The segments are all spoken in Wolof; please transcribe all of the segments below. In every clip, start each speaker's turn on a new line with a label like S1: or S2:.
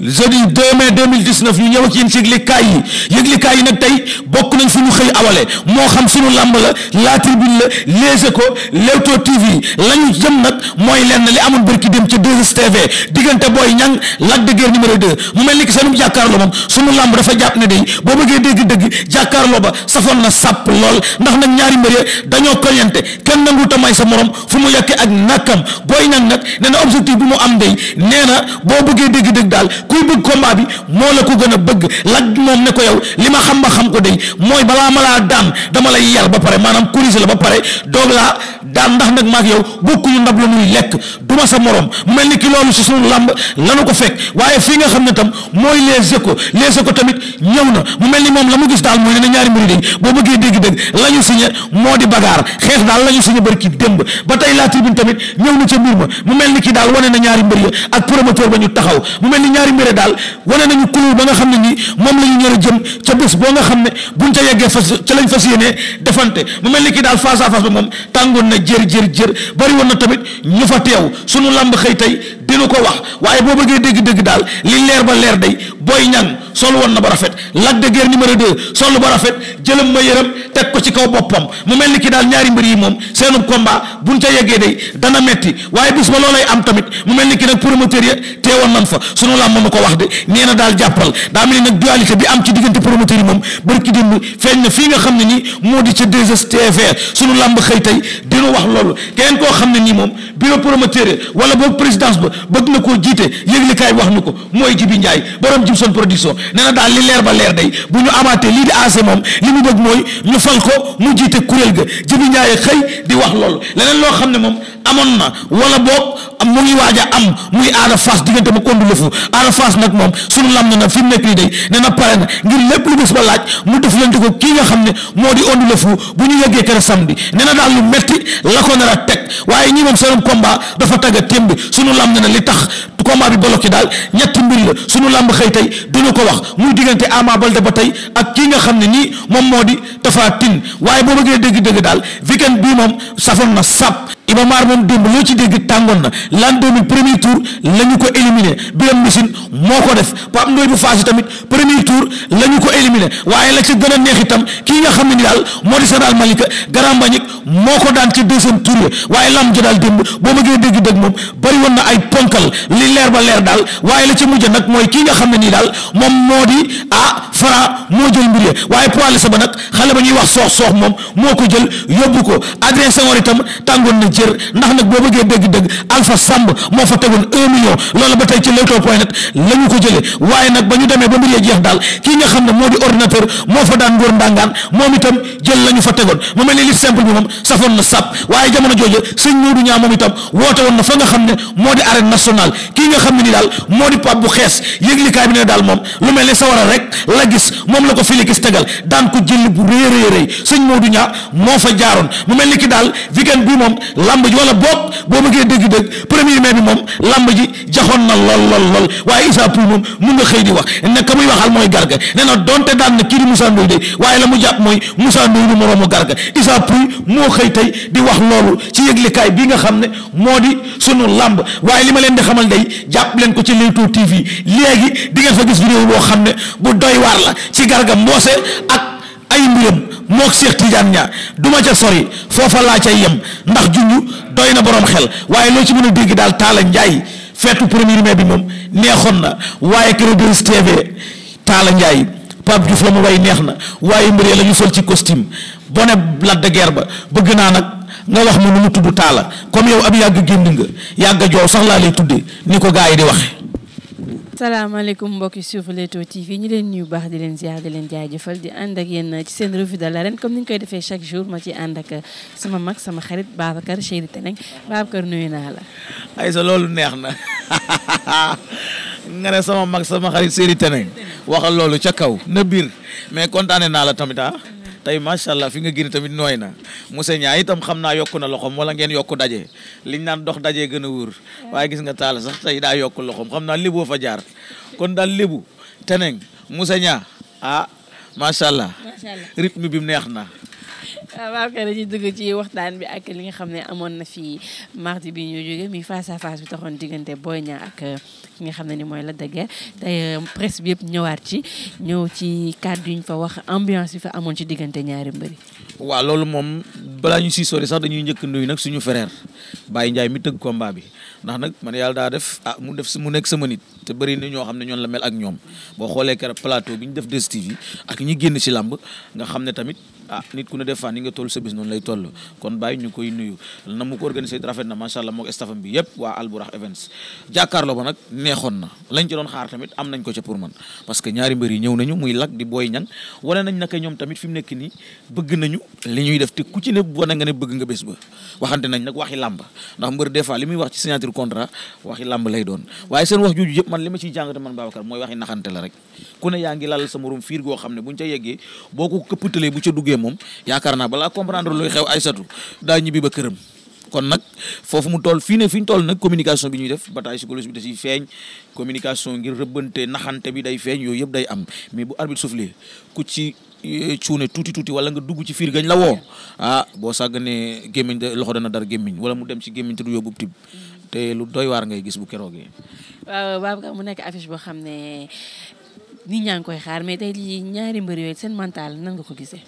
S1: jeudi mais mai 2019 ñu ñëw ak yéen ci yëglikaay yi yëglikaay yi nag tey bokk nañ suñu xëy awale moo xam suñu làmb la la tribune la Les Échos Leewtoo TV la jëm nag mooy lenn li amoon bërki dem ca 2STV diggante booy ñan Lac de Guiers numéro mu mel ni ki seenum jàkkaarloo moom suñu làmb dafa jàpp ne day boo bëggee dégg dégg jàkkaarloo ba safoon na sàpp lool ndax nag ñaari mbër dañoo koñante kenn nangu ta may sa morom fu mu yekke ak nakam booy ñan nag nee na objectif bi mu am day nee na boo bëggee dégg-dëgg daal kuy bëgg combat bi moo la ko gën a bëgg laaj moom ne ko yow li ma xam ba xam ko day mooy balaa ma laa daan dama lay yar ba pare maanaam corriger la ba pare doog laa daan ndax nag maak yow bokkuñu ndab la muy lekk duma sa morom mu mel ni ki loolu si sunu làmb lanu ko fekk waaye fii nga xam ne tam mooy les échos les échos tamit ñëw na mu mel ni moom la mu gis daal mooy ne na ñaari mbir day boo bëggee dégg-dégg la ñu signé moo di bagaar xeex daal la ñu signé bari ki démb ba tey la tribune tamit ñëw na ca mbir ma mu mel ni ki daal wane na ñaari mbir ya ak promoteur ba ñu taxaw mu mel ni ñaari téeméeri daal wane nañu kulóol ba nga xam ne nii moom la ñu ñor a jëm ca bés boo nga xam ne buñ ca yeggee fas ca lañ fas yéenee defante mu mel ni kii daal face à face ba moom tàngoon na jër jër jër bari woon na tamit ñu fa teew sunu làmb xëy tey nu ko wax waaye boo bëggee dégg-dégg daal li leer ba leer day Boy Niang sol woon na ba rafet Lac de Guiers numéro 2 sol ba rafet jëlam ma yërëm teg ko ci kaw boppam mu mel ni ki daal ñaari mbër yi moom seenu combat buñ ca yeggee day dana metti waaye bis ba loolay am tamit mu mel ni ki nag promoteur ya teewoon nan fa sunu làmb nu ko wax de nee na daal jàppal daa mel ni nag dualité bi am ci diggante promoteur yi moom bërki démb feeñ na fii nga xam ne nii moo di ca 2STV sunu làmb xëy tey dinu wax loolu keneen koo xam ne nii moom bureau promoteur wala boog présidence ba bëgg na ko jiite yëglikaay wax na ko mooy Jibi Njaay borom Jibson production nee na daal li leer ba leer dey bu ñu amaatee lii di AC moom li mu bëgg mooy ñu fal ko mu jiite kuréel ga Jibi Njaay xëy di wax loolu leneen loo xam ne moom amoon na wala boob mu ngi waaj a am muy aada faas diggante ma kondu lëfu aada faas nag moom su lam ne na fi mu nekk nii day nee na pare na ngir lépp lu bés ba laaj mu def leen ko kii nga xam ne moo di ondu lëfu bu ñu yeggee kër samedi nee na daal lu metti la ko nar a teg waaye ñi moom seen kombaa dafa tagga témbi suñu lam ne na li tax bu combat bi bloqué daal ñetti mbir la suñu làmb xëy tey dina ko wax muy diggante Ama Baldé ba tey ak kii nga xam ne nii moom moo di Tapha Tine waaye boo bëggee dégg-dégg daal weekend bii moom safoon na sàpp Iba Mar moom démb loo ci dégg tàngoon na l'an 2000 premier tour la ñu ko éliminé Birame Missine moo ko def Pape Ndoye bu Fass tamit premier tour la ñu ko éliminé waaye la ci gën a neex itam kii nga xam ne ni daal moo di Général Malika Grand moo ko daan ci deuxième tour waaye lam ji daal démb boo bëggee dégg-dégg moom bari woon na ay ponkal li leer ba leer daal waaye la ca mujj nag mooy kii nga xam ne nii daal moom moo di ah Fara moo jël mbir ya waaye poids lese ba nag xale ba ñuy wax soox soox moom moo ko jël yóbbu ko Adrien Senghor itam tàngoon na jër ndax nag boo bëggee dégg-dégg Alpha Samb moo fa tegoon un million loolu ba tey ci Leewtoo ko jëlee waaye nag ba ñu demee ba mbir ya jeex daal kii nga xam ne moo di ordinateur moo fa daan ngóor ndàngaan moom itam jël la ñu fa tegoon mu mel ni li simple bi moom safoon na sàpp waaye jamono jooju sëñ Modou Niang moom itam woote woon na fa nga xam ne moo di arène nationale kii nga xam ne ni daal moo di daal moom lu mel ni sawara rek gis moom la ko Félix tegal daan ko jël bu rëy rëy rëy sëñ Modou Niang moo fa jaaroon mu mel ni ki daal weekend bi moom lamb ji wala boog boo bëggee dëgg-dëgg premier mai bi moom lamb ji jaxoon na lool lool lool waaye Issa Pouye moom mun nga xëy di wax ne ka muy waxal mooy garga nee na donte daan na kii di Moussa Ndoye de waaye la mu jàpp mooy Moussa Ndoye du moroomu garga Issa Pouye moo xëy tey di wax loolu ci yëglekaay bi nga xam ne moo di sunu lamb wa li ma leen di xamal day jàpp leen ko ci Leewtoo TV léegi di ngeen fa gis vidéo boo xam ne yàlla ci garga mboose ak ay mbiram mook Cheikh Tidiane ñaa duma ca sori foofa laa cay yem ndax junj doy na boroom xel waaye loo ci mën a dégg daal Talla njaay feetu premier mai bi moom neexoon na waaye kër Denis TV Ndiaye Pape la mu way neex na waaye mbir la ñu sol ci costume bone Lac de Guiers ba bëgg naa nag nga wax ma nu mu tudd Talla comme yow ab yàgg génn nga yàgg a joow sax laa lay tudde ni ko gaa yi di waxe
S2: salaamaaleykum mbokki suivre Leewtoo TV ñu leen nuyu baax di leen ziar di leen jaajëfal di ànd ak yéen ci seen revue de l'arène comme ni koy defee chaque jour ma ci ànd ak sama mag sama xarit Babacar Chéri Teneng Babacar nuyu naa la.
S3: ay sa loolu neex na nga ne sama mag sama xarit Chéri Teneng waxal loolu ca kaw na biir mais kontaane naa la tamit ah. tey macha allah fi nga giri tamit nooy na Moussa Niang itam xam naa yokk na loxoom wala ngeen yokk daje liñ naan dox daje gën a wóor waaye gis nga taal sax tey daa yokk loxoom xam naa lébu fa jaar kon daal lébu teneng Moussa Niang ah macha allah rythme bi mu neex na.
S2: Ah, waaw kay dañuy dugg ci waxtaan bi ak li nga xam ne amoon na fi mardi bi ñu jógee mi face à bi taxoon diggante Boy Niang ki nga xam ne ni mooy Lac de Guiers tey euh, bi yëpp ñëwaat ci ñëw ci kàddu yi ñu fa wax ambiance bi fa amoon ci diggante ñaari mbëri waaw
S3: loolu moom balaa ñu siy sori sax dañuy njëkk nuyu nag suñu frère Baye Ndiaye mi tëgg combat bi ndax nag man yàlla daa def ah mu def mu nekk sama nit te bëri na ñoo xam ne ñoon la mel ak ñoom boo xoolee keroog plateau bi ñu def 2STV yi ak ñi génn ci làmb nga xam ne tamit ah nit ku ne def ni nga toll sa noonu lay toll kon bàyyi ñu koy nuyu na mu ko organisé na macha allah moog staffam bi yëpp waa Alburax Events jàkkaarloo ba nag neexoon na lañ ci doon xaar tamit am nañ ko ca pour man parce que ñaari mbër yi ñëw nañu muy Lac di Boy Niang wane nañ ne bëgg nga bés ba waxante nañ nag waxi làmb ndax mbër des li muy wax ci signature contrat waxi làmb lay doon waaye seen wax jooju yëpp man li ma ciy jàngate la rek ku ne moom yaakaar naa balaa comprendre luy xew Aysatu daa ñibbi ba këram kon nag foofu mu toll fii ne fi ñu toll nag communication bi ñuy def bataille psychologique bi da ciy feeñ communication ngir rëbbante naxante bi day feeñ yooyu yëpp day am mais bu arbitre soufflé ku ci eh, cuune tuuti tuuti wala nga dugg ci fiir gañ la woo ah boo sàgganee gémmiñ da loxo dana dar gémmiñ wala mu dem ci gémmiñ te du yóbbu tib te lu doy waar ngay gis bu keroogee
S2: waaw waaw mu nit ñaa ngi koy xaar mais tey jii ñaari mbër yooyu seen mental nan nga ko gisee.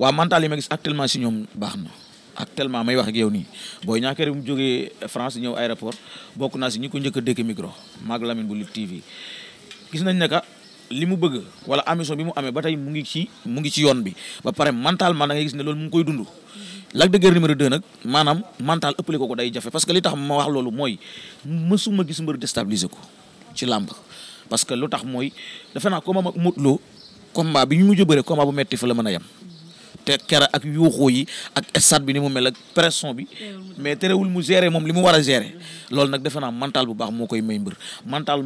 S3: waaw mental yi ma gis actuellement si ñoom baax na actuellement may wax ak yow nii mu jógee France ñëw aéroport bokk naa si ñi ko njëkk a dëkk micro bu Lutte TV gis nañ ne ka li mu bëgg wala ambition bi mu amee ba tey mu ngi ci mu ngi ci yoon bi ba pare mentalement da nga gis ne loolu mu ngi koy dund. Lac de Guiers numéro maanaam mental ëpple ko ko day jafe parce que li tax ma wax loolu mooy mësuma gis mbër déstabiliser ko ci làmb. parce que lu tax mooy defe naa ma ak Modou Lo combat bi ñu mujj a bëre combat bu metti fa la mën a yem. te kera ak yuuxu yi ak stade bi ni mu mel ak pression bi mais terewul mu gérer moom li mu war a gérer loolu nag defe naa mental bu baax moo koy may mbër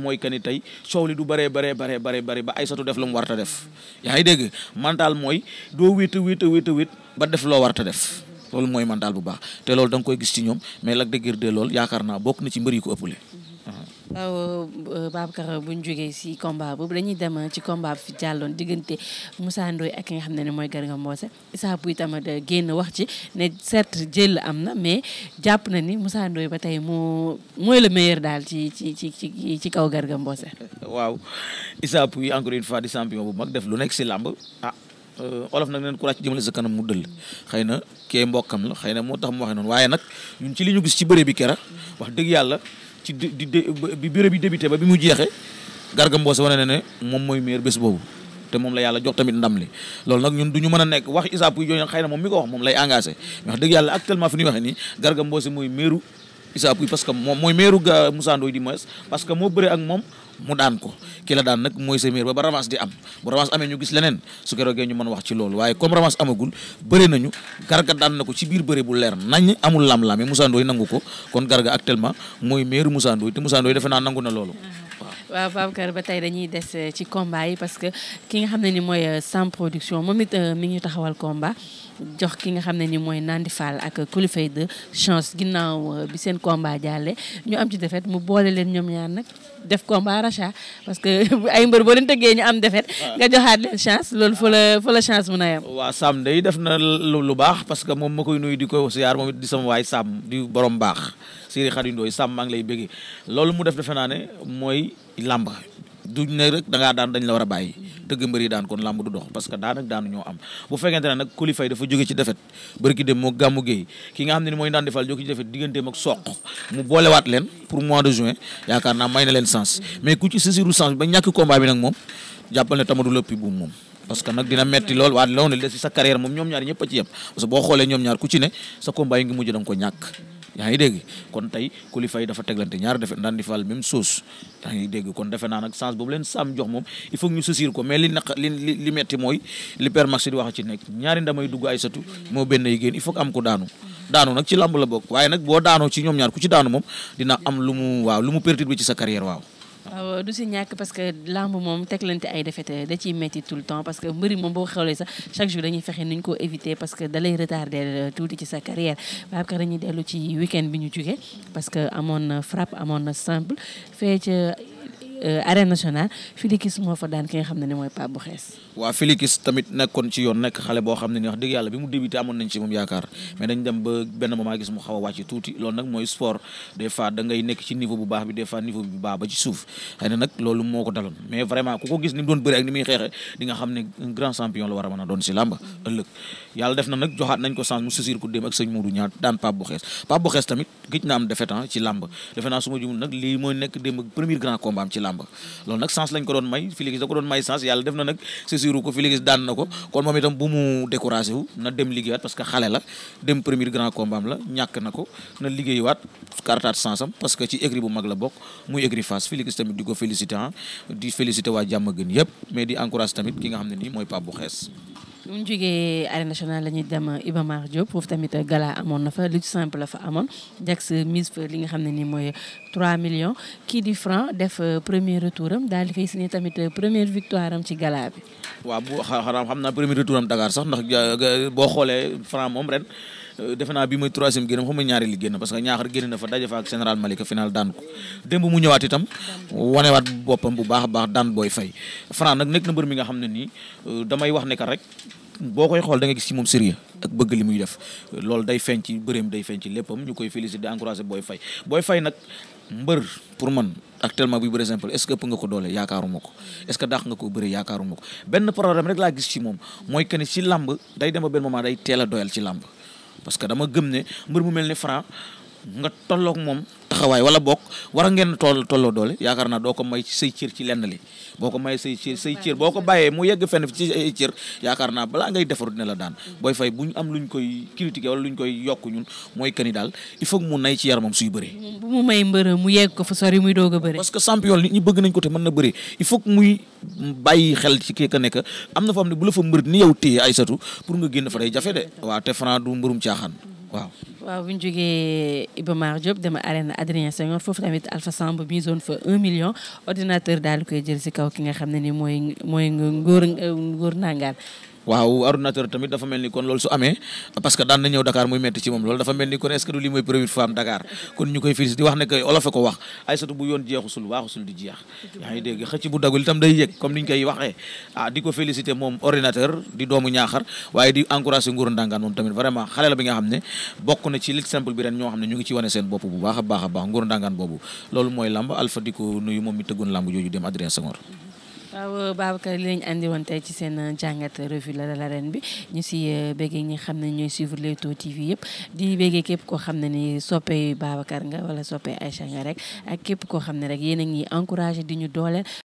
S3: mooy que ni tey soow du bëree bëree bëree bëree bëri ba ay sotu def la mu war ta def yaa ngi dégg mental mooy doo wéet a wéet a wéet a wéet loo war ta def loolu mooy mental bu baax te loolu da koy gis ci ñoom mais Lac de Guiers 2 loolu yaakaar naa bokk na ci mbër yi ko ëppale
S2: waaw euh, euh, Babacar bu ñu jógee si combat boobu dañuy dem ci combat fi jàlloon diggante Moussa Ndoye ak ki nga xam ne mooy Garga Mbossé Issa Pouye tamit génn wax ci ne certes jël am na mais jàpp na ni Moussa Ndoye ba tey moo mooy le meilleur daal ci ci ci ci ci kaw Garga Mbossé.
S3: waaw Issa Pouye encore une fois di champion bu mag def lu nekk si làmb ah. Euh, olof nag neen courage jëmale sa kanam mu dëll xëy na kee mbokkam la xëy na moo tax mu waxee noonu waaye nag ñun ci li ñu gis ci bëre bi kera wax dëgg yàlla ci di bi bi débuté ba bi mu jeexee Garga Mbossé wane na ne moom mooy maire bés boobu te moom la yàlla jox tamit ndam li loolu nag ñun du ñu mën a nekk wax Issa Pouye jooju xëy na moom mi ko wax moom lay engagé wax dëgg yàlla actuellement fi ñuy waxee nii Garga Mbossé mooy maire Issa Pouye parce que moom mooy maire Moussa Ndoye di moins parce que moo bëre ak moom mu daan ko ki la daan nag mooy sa miir ba ba revanche di am bu revanche amee ñu gis leneen su ko roogee ñu mën wax ci loolu waaye comme revanche amagul bëri nañu garga daan na ko ci biir bëri bu leer nañ amul lam-lame Moussa Ndoye nangu ko kon garga actuellement mooy meeru Moussa Ndoye te Moussa defe naa nangu na loolu mm-hmm.
S2: waaw Babacar ba tey dañuy des euh, ci combat yi parce que ki nga xam ne ni mooy euh, Sam Production moom it euh, mi ngi taxawal combat jox ki nga xam ne ni mooy Nandi Fall ak Kulifay de chance ginnaaw bi seen combat jàlle ñu am ci defet mu boole leen ñoom ñaar nag def combat rachat parce que ay mbër boo leen tëggee ñu am defet nga joxaat leen chance loolu fa la fa la chance mën a yem
S3: Sam day def na lu baax parce que moom ma koy nuyu di ko siyaar moom it di sama waay Sam di borom baax Sëriñ Xadi Ndooy Sam maa lay bëgg loolu mu def defe naa ne làmb duñ ne rek da daan dañ la war a bàyyi tëgg mbër yi daan kon làmb du dox parce que daan ak daanu ñoo am bu fekkente ne nag kolifay dafa jóge nga xam ne mooy daan defal jóge ci defet digganteem ak soq mu boolewaat leen pour mois de juin leen sens mais ku ci saisiru sens bi moom jàppal ne tamadu lëppi buum moom parce que nag dina metti lool waa loolu des ci sa carrière moom ñoom ñaar ñëpp a ci yem parce que boo xoolee ñoom ñaar ku ci ne sa combat ngi mujj da nga ko ñàkk yaa ngi dégg kon tey kilifa yi dafa teglante ñaari defe ndaan di faal même chose yaa ngi dégg kon defe naa nag chance boobu leen saam jox moom il faut ñu saisir ko mais li naq li li metti mooy li père Max di ci nekk ñaari ndamay dugg ay satu moo benn yi génn il faut am ko daanu daanu nag ci lamb la bokk waaye nag boo daanoo ci ñoom ñaar ku ci daanu moom dina am lu mu waaw lu mu perturbe ci sa carrière waaw
S2: waaw du si ñàkk parce que làmb moom teg teglante ay defete euh, da ciy métti tout le temps parce que mbëri moom boo xewlee sax chaque jour dañuy fexe nuñ ko éviter parce que dalay retardé euh, tuuti ci sa carrière Babacar dañuy dellu ci week-end bi ñu jugee parce que amoon na frappe amoon na simple fee ca euh, arène nationale gis moo fa daan ki nga xam ne ne mooy Pape bu xees
S3: waa Félix tamit nekkoon ci yoon nekk xale boo xam ne ni wax dëgg yàlla bi mu débuté amoon nañ ci moom yaakaar mais dañ dem ba benn moment gis mu xaw wàcc tuuti loolu nag mooy sport des fois da nekk ci niveau bu baax bi des fois niveau bu baax ba ci suuf xëy na nag loolu moo ko daloon mais vraiment ku ko gis ni mu doon bëri ak ni la a a doon na ko chance mu saisir ko daan Pape Bou Xees Pape Bou Xees tamit gëj na am defet ah, ci làmb defe naa su ma jumul nag lii mooy nekk Basiru ko Félix daan na ko kon moom itam bu mu découragé wu na dem liggéeyaat parce que xale la dem premier grand combat am la ñàkk na ko na liggéeyuwaat kartaat sansam parce que ci écrit bu mag la bokk muy écrit face Félix tamit di ko félicité ah di félicité waa jàmm gën yëpp mais di encourage tamit ki nga xam ne nii mooy Pape bu xees
S2: bu ñu jógee nationale la ñuy dem Iba Mar Diop foofu tamit gala amoon na fa lu simple la fa amoon Jax mise fa li nga xam ne nii mooy 3 millions kii di franc def premier retouram daal di fay signé tamit première victoire am ci gala bi.
S3: waaw bu xanaa xam naa premier retour am Dakar sax ndax boo xoolee franc moom ren. Euh, defe naa bi mooy troisième génn xam nga ñaari li génn parce que ñaaxar génn na fa daje fa ak général Malika final daan ko démb mu ñëwaat itam wanewaat boppam bu baax a baax daan booy fay Franc nag na mbër mi nga xam ne nii euh, damay wax ne ka rek boo koy xool da nga gis ci moom sérieux ak bëgg li muy def loolu day feeñ ci bëreem day feeñ ci léppam ñu koy féliciter di booy fay booy fay nag mbër pour man actuellement buy bëre nga ko doole yaakaaruma ko est-ce que dàq nga ko bëre yaakaaruma ko benn problème rek laa gis ci moom mooy que ni ci làmb day dem ba benn moment day teel a doyal ci làmb parce que dama gëm ne mbër mu mel ni Franc nga tolloog moom taxawaay wala bokk war a ngeen toll tolloo doole yaakaar naa doo ko may say cër ci lenn li boo ko may say cër say cër boo ko bàyyee ay yaakaar naa balaa ngay defaru dina la daan booy fay bu ñu am luñ koy critiquer wala luñ koy yokk ñun mooy kani daal il faut mu nay ci yaramam suy
S2: muy
S3: a bëri parce que na bëri il faut muy bàyyi xel ci kii ka nekk am na fa am ne bu la fa mbër ni yow téye ay satu pour nga génn fa day jafe de waaw te Franc du mbërum caaxaan waaw.
S2: waaw bu ñu jógee Iba Mar Diop dama arène Adrien Senghor foofu tamit Alpha Samb mise woon fa 1 million ordinateur daal di koy jël si kaw ki nga xam ne ni mooy mooy ngóor ngóor nangaan.
S3: waaw ordinateur tamit dafa mel ni kon loolu su amee parce que daan na ñëw Dakar muy metti ci moom loolu dafa mel ni kon est-ce que du lii mooy première fois am kon ñu koy félicité di wax ne que ko wax ay satu bu yoon jeexusul waaxusul di jeex yaa ngi dégg xëcc bu dagul itam day yëg comme ni ñu koy waxee ah ko félicité moom ordinateur di doomu ñaaxar waaye di encouragé nguur ndàngaan moom tamit vraiment xale bi nga xam ne bokk na ci lit simple bi ren ñoo xam ne ñu ngi ci wane seen bopp bu baax a baax a baax nguur ndàngaan boobu loolu mooy lamb Alpha di ko nuyu moom mi tëggoon lamb jooju dem Adrien
S2: waaw Babacar li lañ andi woon tey ci seen euh, jàngat revue de l'arène bi ñu si euh, béggee ñi xam ne ñooy suivre Leewtoo TV yëpp di béggee képp koo xam ne ni soppee Babacar nga wala soppee Aïcha nga rek ak képp koo xam ne rek yéen a ngi encouragé di ñu dooleel